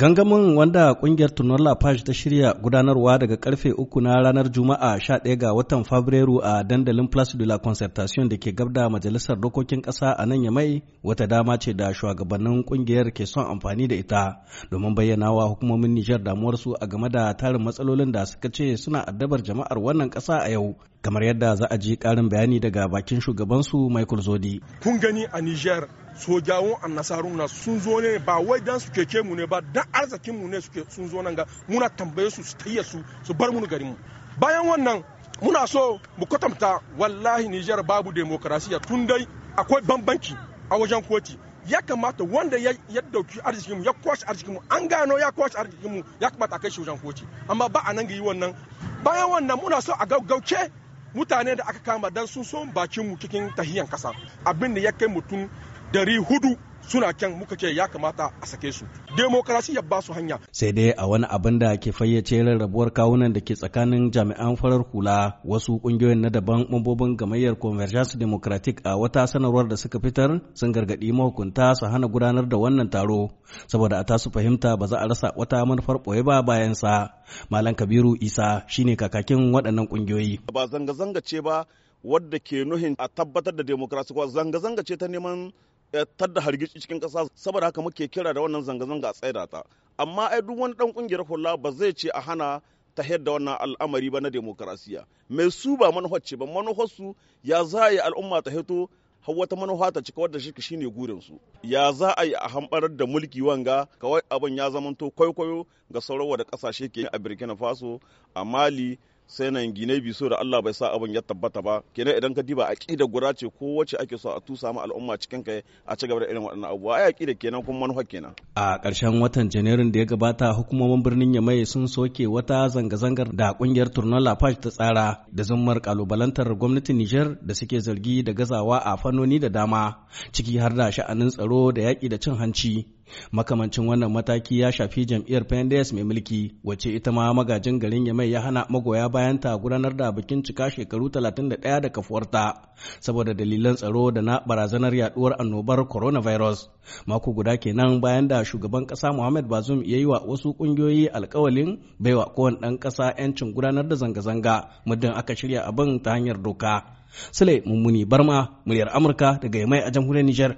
Gangamin wanda kungiyar Tunon Lafashi ta shirya gudanarwa daga karfe uku na ranar Juma'a 11 ga watan Fabrairu a dandalin Place de la Concertation da ke gabda Majalisar Dokokin Ƙasa a nan ya mai wata dama ce da shugabannin kungiyar ke son amfani da ita domin bayyanawa hukumomin Nijar damuwarsu a game da tarin matsalolin da suka ce suna addabar jama'ar wannan ƙasa a yau. Kamar yadda za a ji ƙarin bayani daga bakin shugabansu Michael Zodi. Kun gani a Nijar sojawun annasarun na sun zo ne ba wai dan su keke mu ne ba dan arzikin mu ne suke sun zo nan ga muna tambaye su su tayya su su bar mu garin mu bayan wannan muna so mu kwatanta wallahi Nijar babu demokrasiya tun dai akwai bambanci a wajen koti ya kamata wanda ya dauki arzikin mu ya kwashi arzikin mu an gano ya kwashi arzikin mu ya kamata kai shi wajen koti amma ba a ga yi wannan bayan wannan muna so a gaggauce mutane da aka kama dan sun so bakin mu cikin tahiyan kasa abin da ya kai mutum dari hudu suna kyan muka ce ya kamata a sake su demokarasi ya ba su hanya sai dai a wani abin da ke fayyace rarrabuwar kawunan da ke tsakanin jami'an farar hula wasu kungiyoyin na daban mambobin gamayyar convergence democratic a wata sanarwar da suka fitar sun gargadi mahukunta su hana gudanar da wannan taro saboda a tasu fahimta ba za a rasa wata manufar boye ba bayan sa malam kabiru isa shine kakakin waɗannan kungiyoyi ba zanga-zanga ce ba wadda ke nuhin a tabbatar da demokrasi zanga-zanga ce ta neman Eh, tadda hargitsi cikin kasa saboda haka muke kira da wannan zanga-zanga a tsaida ta amma ai duk wani dan kungiyar hula ba zai ce a hana ta da wannan al'amari ba na demokarasiya mai su ba manufar ba manufar su ya za a yi al'umma ta hito har wata manufa ta cika wadda shi shine gurin su ya za a yi a hambarar da mulki wanga kawai abin ya zamanto kwaikwayo ga sauran da kasashe ke a Burkina Faso a Mali sai nan gine so da Allah bai sa abin ya tabbata ba kenan idan ka diba aqida guda ce ko wace ake so a tusa ma al'umma cikin kai a ci gaba da irin waɗannan abubuwa ai aqida kenan kuma manufa kenan a ƙarshen watan janairun da ya gabata hukumomin birnin Yamai sun soke wata zanga-zangar da kungiyar Turno Lafash ta tsara da zummar kalubalantar gwamnatin Niger da suke zargi da gazawa a fannoni da dama ciki har da sha'anin tsaro da yaƙi da cin hanci makamancin wannan mataki ya shafi jam'iyyar pendes mai mulki wacce ita ma magajin garin yamai ya hana magoya bayan ta gudanar da bikin cika shekaru talatin da ɗaya kafuwarta saboda dalilan tsaro da na barazanar yaduwar annobar coronavirus mako guda kenan bayan da shugaban kasa muhammad bazum ya yi wa wasu kungiyoyi alkawalin baiwa kowane dan kasa 'yancin gudanar da zanga-zanga muddin aka shirya abin ta hanyar doka sule mummuni barma muryar amurka daga yamai a jamhuriyar nijar